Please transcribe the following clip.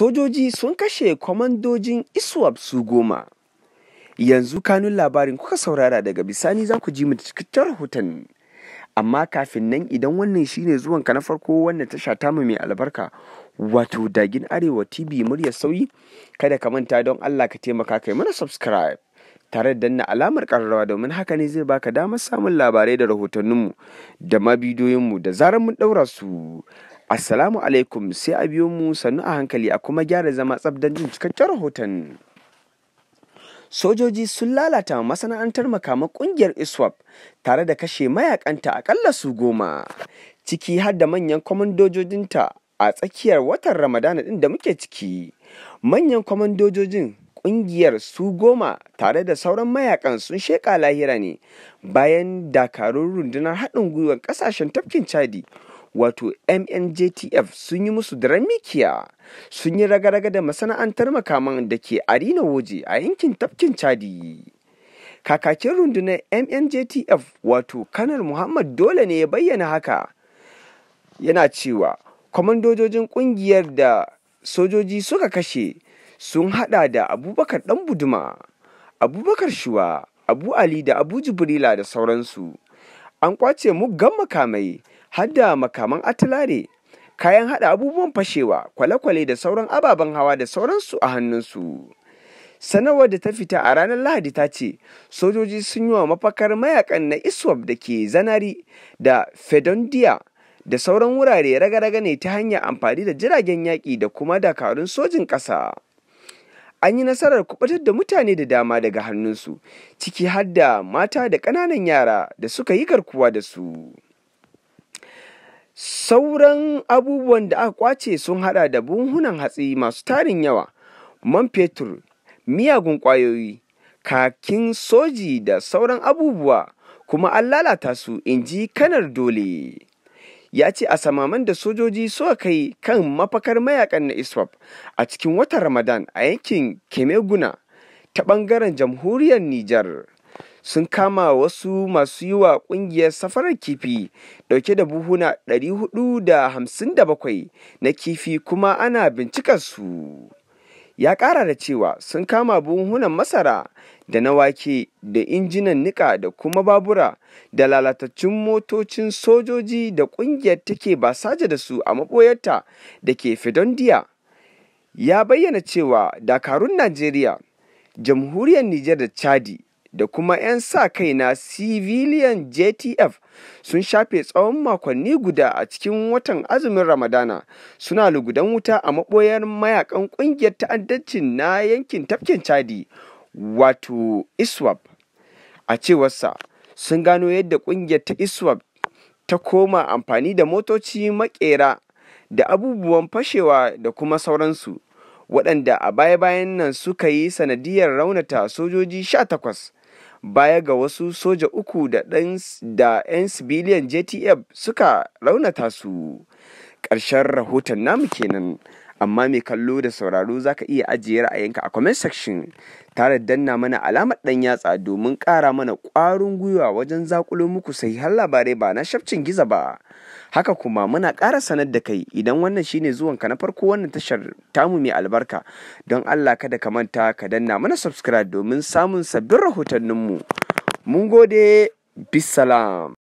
sojoji sun kashe kwamandojin iswap su goma yanzu kanun labarin kuka saurara daga bisani za ku ji mu cikakken rahoton amma kafin nan idan wannan shine zuwan ka na farko wannan tasha tamu mai albarka wato dagin arewa tv murya sauyi kada ka manta don allah ka taimaka kai mana subscribe tare da danna alamar kararrawa domin haka ne zai baka damar samun labarai da rahotanninmu da ma bidiyoyinmu da zarar mun daura su Assalamu alaikum sai a biyo mu sannu a hankali a kuma gyara zama tsabdan jin cikakken rahoton. Sojoji sun lalata masana'antar makaman kungiyar ISWAP tare da kashe mayakanta akalla su goma, ciki har da manyan kwamandojojinta a tsakiyar watan Ramadana ɗin da muke ciki. Manyan kwamandojojin kungiyar su goma tare da sauran mayakan sun sheƙa lahira ne bayan dakarun rundunar haɗin gwiwar ƙasashen tafkin Chadi. wato mnjtf sun yi musu daren mikiya sun yi raga-raga da masana'antar makaman da ke arina waje a yankin tafkin chadi kakakin rundunar mnjtf wato kanar muhammad dole ne ya bayyana haka yana cewa kwamandojojin kungiyar da sojoji suka kashe sun hada da abubakar dan buduma abubakar shuwa abu ali da abu jibrila da sauransu an kwace gan makamai har da makaman atilare kayan hada abubuwan fashewa kwale-kwale da sauran ababen hawa da sauransu a hannunsu sanarwar da ta fita a ranar lahadi ta ce sojoji sun yi wa mafakar mayakan na iswap da ke zanari da fedondiya da sauran wurare raga-raga ne ta hanyar amfani da jiragen yaƙi da kuma dakarun sojin ƙasa an yi nasarar kuɓatar da mutane da dama daga hannunsu ciki har da mata da ƙananan yara da suka yi garkuwa da su Sauran abubuwan da aka kwace sun hada da buhunan hatsi masu tarin yawa, man fetur, miyagun ƙwayoyi, kakin soji da sauran abubuwa, kuma an lalata su, in ji kanar dole. Ya ce a samaman da sojoji suka kai kan mafakar mayakan na ISWAP a cikin watan Ramadan a yankin Kemeguna ta ɓangaren jamhuriyar Nijar. sun kama wasu masu yi wa ƙungiyar safarar kifi dauke da buhuna 457 na kifi kuma ana bincikar su. ya ƙara da cewa sun kama buhunan masara da na wake da injinan niƙa da kuma babura da lalatattun motocin sojoji da ƙungiyar take ba saje da su a maboyarta da ke fidondiya ya bayyana cewa dakarun najeriya jamhuriyar nijar da chadi da kuma 'yan sa-kai na civilian jtf sun shafe tsawon makonni guda a cikin watan azumin ramadana suna lugudan wuta a maɓoyar mayakan ƙungiyar ta'addancin na yankin tafkin chadi wato iswap a cewarsa sun gano yadda ƙungiyar ta iswap ta koma amfani da motoci makera da abubuwan fashewa da kuma sauransu waɗanda a baya-bayan nan suka yi sanadiyar raunata sojoji 18 baya ga wasu soja uku da 'yan sibiliyan jtf suka raunata su ƙarshen rahoton namu kenan amma mai kallo da sauraro za ka iya ajiye ra'ayinka a comment section tare da danna mana alamar dan yatsa domin ƙara mana ƙwarin gwiwa wajen zakulo muku har labarai ba na shafcin giza ba haka kuma muna ƙara sanar da kai idan wannan shine zuwan ka na farko wannan tashar tamu mai albarka don Allah kada ka manta ka danna mana subscribe domin samun sabbin rahotanninmu mun gode bisalam